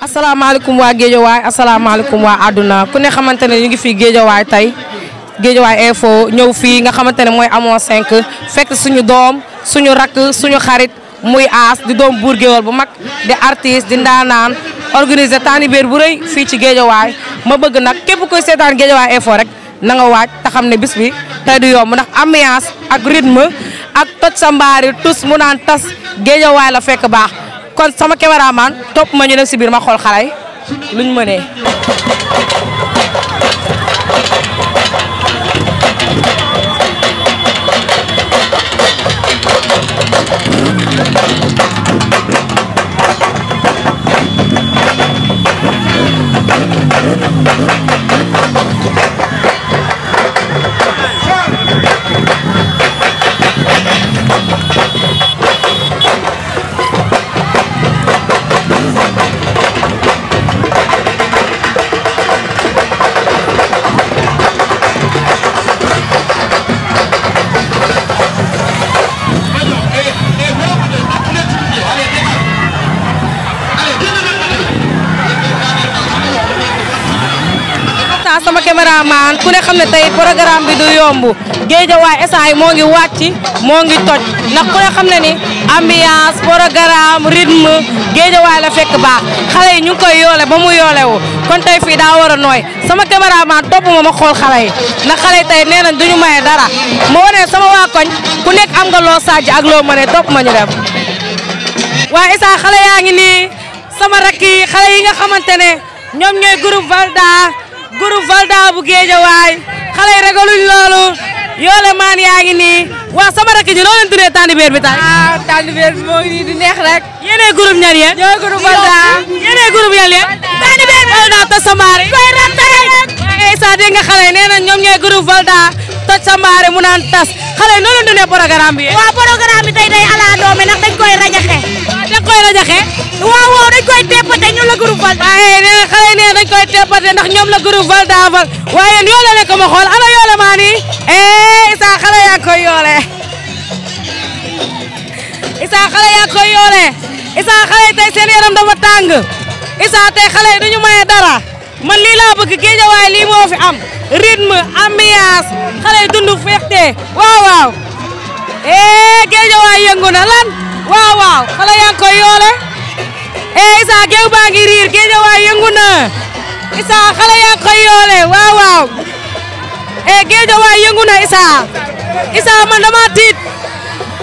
asalaamaaleykum waa Géejawaay asalaamaaleykum waa àdduna ku ne xamante ne ñu ngi fii Géejawaay tey Géejawaay info ñëw fii nga xamante ne mooy amoo 5 fekk suñu doom suñu rakk suñu xarit muy aas di doom buur géwél bu mag di artiste di ndaanaan organiser tanibeer bu rëy fii ci Géejawaay ma bëgg nag képp koy seetaan Géejawaay info rek na nga waaj te xam ne bis bi tey du yomb ndax ambiance ak rythme ak toj sa tus mu naan tas Géejawaay la fekk baax kon sama cameraman top ma ñu dem ci bir ma xol xalay yi luñ mënee Thank you. caméraman ku ne ne tey programme bi du yi moo ngi wàcc moo ngi toj ndax xam ne ni ambiance programme rythme géejawaay la fekk baax ñu ngi koy ba mu yoolewu kon fii daa war a nooy sama caméraman topp ma ndax xale tey nee nañ duñu maye dara ma wane sama waa ku nekk am nga loo sàjj ak loo mënee topp ma ñu dem waaye isa xale yaa ngi nii sama rakk xale yi nga xamante ne ñoom ñooy groupe Valda groupe Valda bu Géejawaay xale yi ragaluñ loolu yoole maan yaa ngi nii waaw ji loo leen tuddee tàndibeer bi tànn. ah tàndibeer bi moo ngi nii di neex rek. yéenay groupe ñan yéen. ñooy groupe Valda. nee na ñoom ñooy groupe Valda. toj sa mbaare mu naan tas xale yi noo leen dundee programme bi. waaw programme bi tey day ala doomi ndax dañ koy rajaxe. dañ koy rajaxe. waaw waaw dañ koy teppate ñu la groupe Val. waaye nee na xale yi nee dañ koy teppate ndax ñoom la groupe Val daa Val waaye yéen yoo leen ko ma xool ana yoo leen maa nii. Eh, Issa xale yaa koy yoolee. Issa xale yaa koy yoolee. Issa xale yi tey seen yaram dafa tàng. Issa tey xale yi duñu maye dara man lii laa bëgg géejawaay lii moo fi am. rythme ambiance xale yi dund waaw waaw ee eh, géejawaay yëngu na lan waaw waaw xale yaa koy yoole ee eh, Issa géew baa ngi riir géejawaay yëngu na Issa xale yaa koy yoole waaw waaw ee eh, géejawaay yëngu na Issa Issa man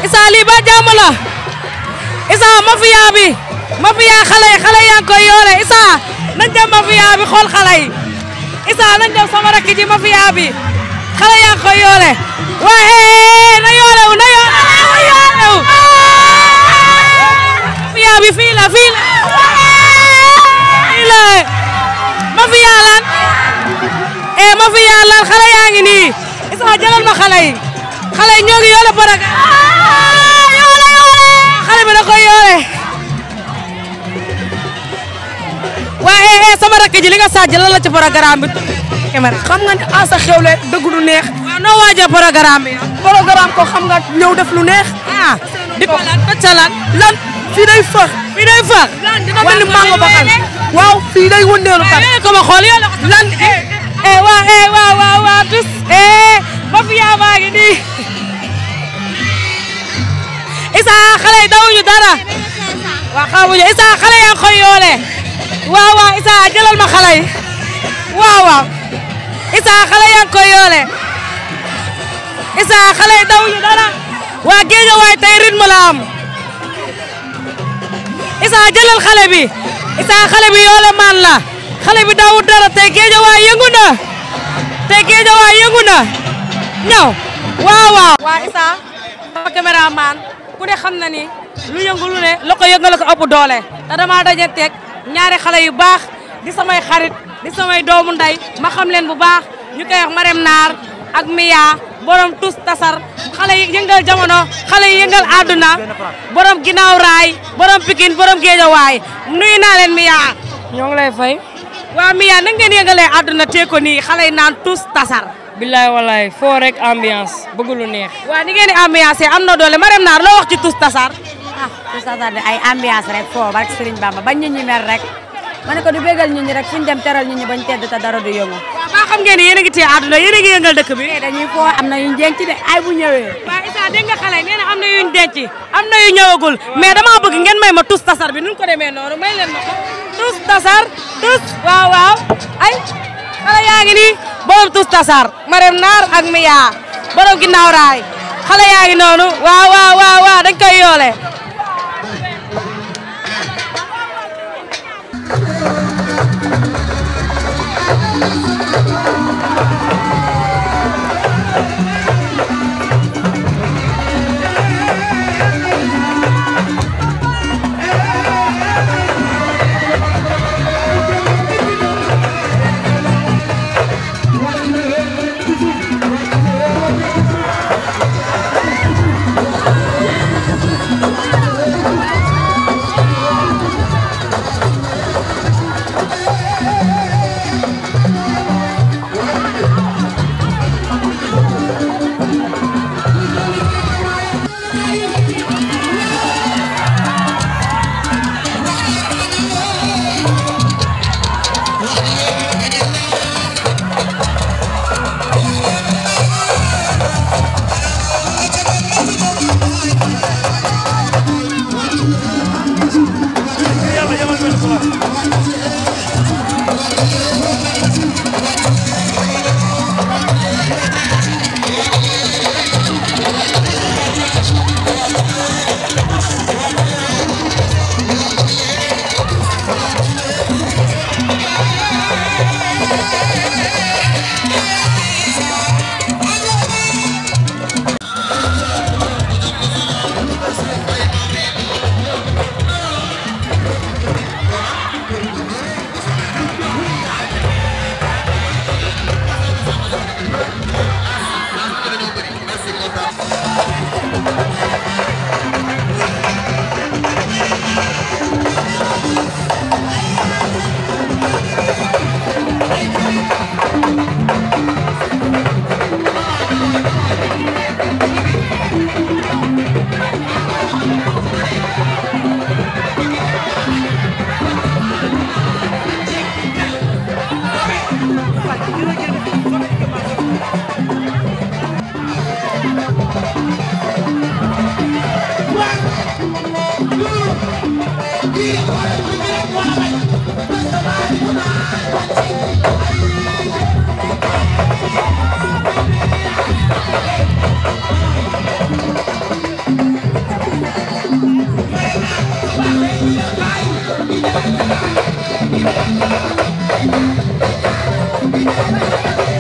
Issa lii ba Issa mafia bi mafia xale xale koy yoole Issa nañ dem mafia bi xool Issa nañ dem sama rakk ji mafia bi xale yaa koy yoole waaye na yoolewu na yoolewu mafia bi fii la fii la fii la mafia lan eh mafia lan xale yaa ngi nii Issa jëlal ma xale yi xale yi ñoo yoole baraka yoole yoole xale bi da koy yoole njëkk ji li nga sàcc la ci programme bi xam nga ne Asa ah Xewle dëgg lu neex waaw noo waajee programme bi ko xam nga ñëw def lu neex ah di ko lan lan fii day fër fii day fër wala mango ba xam waaw fii day wëndeelu kat eh, ko ma xool yow la lan eh, eh, eh waa eh waa waa waa tus eh ba fi yaa maa ngi nii Issa xale yaa koy waaw waaw Issa jëlal ma xale yi waaw waaw Issa xale yaa ngi koy yoole Issa xale yi daw ñu dara waa géej waay tey rythme la am Issa jëlal xale bi Issa xale bi yoole maan la xale bi daw dara tey géej waay yëngu na tey géej waay yëngu na ñëw waaw waaw. waa Issa sama caméraman ku ne xam na ni lu yëngu lu ne la ko yëngal ko ëpp doole te damaa daje teg. ñaari xalé yu baax di samay xarit di samay doomu nday ma xam leen bu baax ñu koy wax marem nar ak miya borom tus tasar xalé yi yëngal jamono xalé yi yëngal aduna borom ginaaw raay borom pikin borom way nuy nalen leen Mia. ñong lay fay. wa Mia na ngeen yëngalee aduna tee ko naan tus tasar. billahi wallahi forek rek ambiance bëgg lu neex. wa ni ngeen ambiance amna doole marem nar lo wax ci tus tasar ah oustaz Sade ay ambiance rek foo barke Serigne Bamba bañ ñu ñu mer rek ma ko du bégal ñu ñi rek fu dem teral ñu ñu bañ tedd te dara du yëngu waaw xam ngeen ne a ngi yëngal dëkk bi eh, dañuy na yuñ denc ay bu ñëwee waaw Issa dégg nga xale na am na yuñ na yu ñëwagul mais dama bëgg ngeen may ma tous tasar bi nuñ ko demee noonu may leen tous tasar tous waaw waaw ay xale yaa ngi borom tous tasar marem naar ak miyaa borom ginnaaw raay xale yaa ngi waaw waaw waaw dañ koy Thank you.